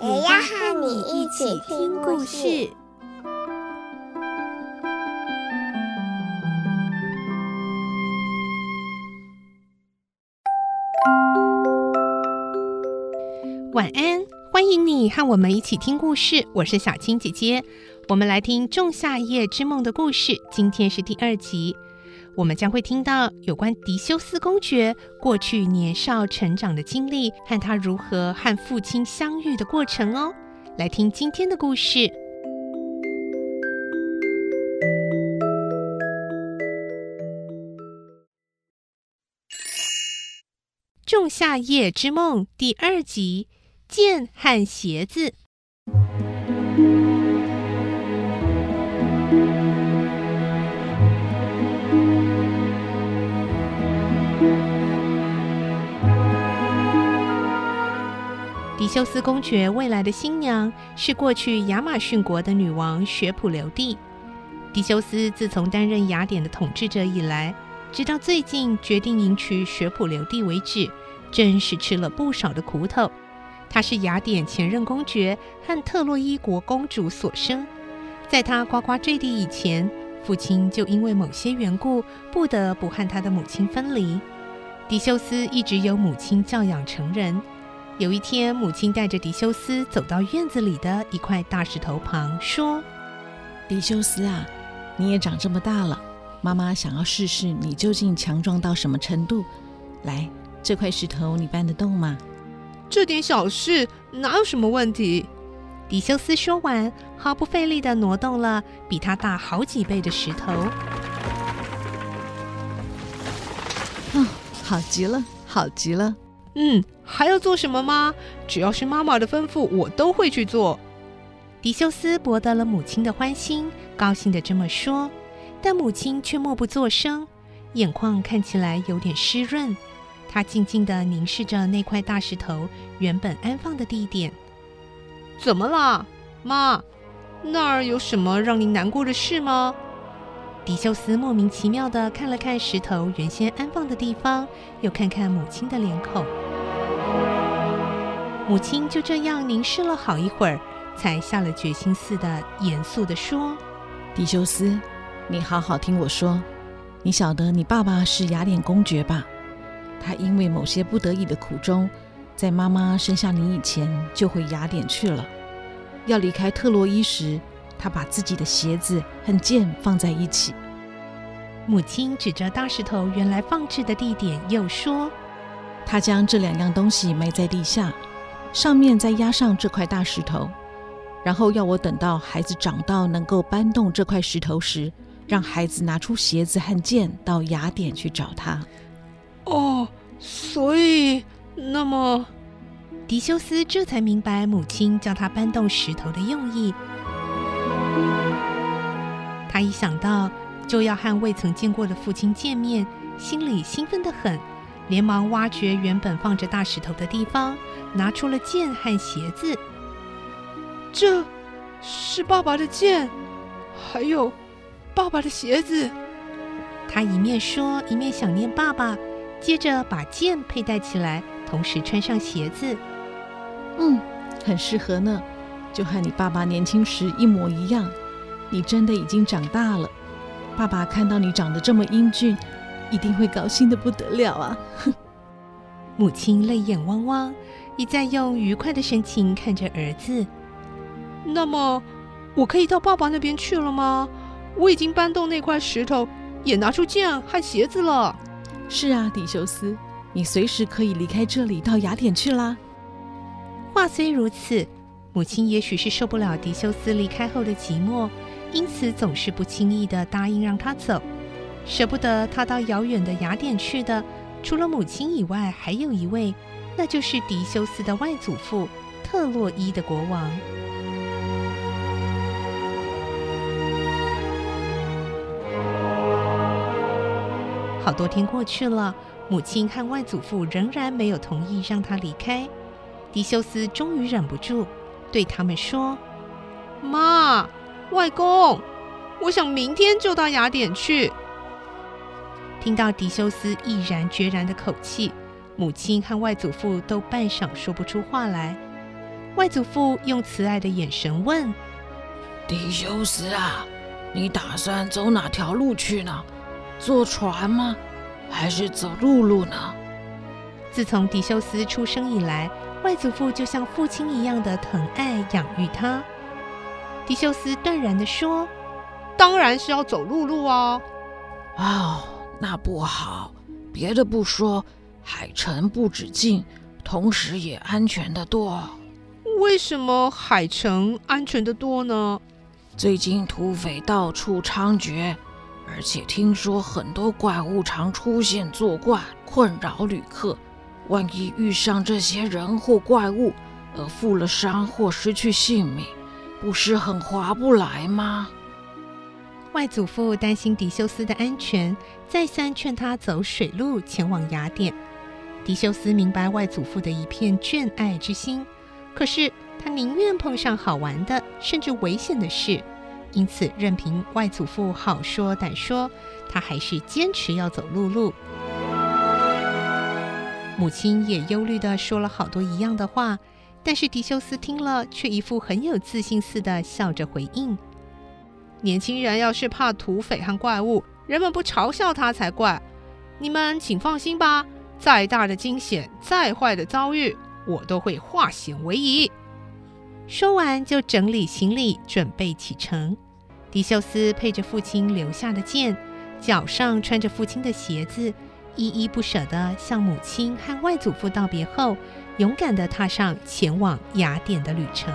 我要和你一起聽故事。故事晚安，歡迎你和我們一起聽故事。我是小青姐姐，我們來聽《仲夏夜之夢》的故事。今天是第二集。我們將會聽到有關狄修斯公爵過去年少成長的經歷，和他如何和父親相遇的過程哦。來聽今天的故事，《仲夏夜之夢》第二集《劍和鞋子》。狄修斯公爵未來的新娘是過去亞馬遜國的女王學普留蒂。狄修斯自從擔任雅典的統治者以來，直到最近決定迎娶學普留蒂為止，真是吃了不少的苦頭。她是雅典前任公爵和特洛伊國公主所生，在她呱呱墜地以前。父親就因為某些緣故不得不和他的母親分離。狄修斯一直由母親教養成人。有一天，母親帶着狄修斯走到院子裡的一塊大石頭旁，說：“狄修斯啊，你也長這麼大了，媽媽想要試試你究竟強壯到什麼程度。來，這塊石頭你搬得動嗎？這點小事哪有什麼問題？”狄修斯說完，毫不費力的挪動了比他大好幾倍的石頭。嗯，好極了，好極了。嗯，還要做什麼嗎？只要是媽媽的吩咐，我都會去做。狄修斯博得了母親的歡心，高興的這麼說。但母親卻默不作聲，眼眶看起來有點濕潤。她靜靜的凝視着那塊大石頭原本安放的地點。怎麼了，媽？那兒有什麼讓您難過的事嗎？狄修斯莫名其妙的看了看石頭原先安放的地方，又看看母親的臉孔。母親就這樣凝視了好一會兒，才下了決心似的嚴肅的說：“狄修斯，你好好聽我說。你曉得你爸爸是雅典公爵吧？他因為某些不得已的苦衷。”在媽媽生下你以前，就回雅典去了。要離開特洛伊時，他把自己的鞋子和劍放在一起。母親指着大石頭原來放置的地點，又說：“他將這兩樣東西埋在地下，上面再壓上這塊大石頭，然後要我等到孩子長到能夠搬動這塊石頭時，讓孩子拿出鞋子和劍到雅典去找他。”哦，所以。那麼，狄修斯這才明白母親叫他搬動石頭的用意。他一想到就要和未曾見過的父親見面，心裡興奮得很，連忙挖掘原本放着大石頭的地方，拿出了劍和鞋子。這是爸爸的劍，還有爸爸的鞋子。他一面說，一面想念爸爸，接着把劍佩戴起來。同時穿上鞋子，嗯，很適合呢，就和你爸爸年輕時一模一樣。你真的已經長大了，爸爸看到你長得這麼英俊，一定會高興得不得了啊！哼。 母親淚眼汪汪，一再用愉快的神情看着兒子。那麼，我可以到爸爸那邊去了嗎？我已經搬動那塊石頭，也拿出劍和鞋子了。是啊，狄修斯。你隨時可以離開這裡，到雅典去啦。話雖如此，母親也許是受不了狄修斯離開後的寂寞，因此總是不輕易的答應讓他走，舍不得他到遙遠的雅典去的，除了母親以外，還有一位，那就是狄修斯的外祖父，特洛伊的國王。好多天過去了。母親和外祖父仍然沒有同意讓他離開。狄修斯終於忍不住對他們說：“媽，外公，我想明天就到雅典去。”聽到狄修斯毅然決然的口氣，母親和外祖父都半晌說不出話來。外祖父用慈愛的眼神問：“狄修斯啊，你打算走哪條路去呢？坐船嗎？”還是走陸路呢？自從狄修斯出生以來，外祖父就像父親一樣的疼愛養育他。狄修斯斷然地說：“當然是要走陸路哦。”哦，那不好。別的不說，海城不止近，同時也安全得多。為什麼海城安全得多呢？最近土匪到處猖獗。而且聽說很多怪物，常出現作怪，困擾旅客。萬一遇上這些人或怪物，而負了傷或失去性命，不是很划不來嗎？外祖父擔心狄修斯的安全，再三勸他走水路前往雅典。狄修斯明白外祖父的一片眷愛之心，可是他寧願碰上好玩的，甚至危險的事。因此，任憑外祖父好說歹說，他還是堅持要走陸路。母親也憂慮地說了好多一樣的話，但是狄修斯聽了卻一副很有自信似的笑着回應：“年輕人要是怕土匪和怪物，人們不嘲笑他才怪。你們請放心吧，再大的驚險，再壞的遭遇，我都會化險為夷。”說完，就整理行李，準備啟程。狄修斯佩着父親留下的劍，腳上穿着父親的鞋子，依依不捨地向母親和外祖父道別後，勇敢地踏上前往雅典的旅程。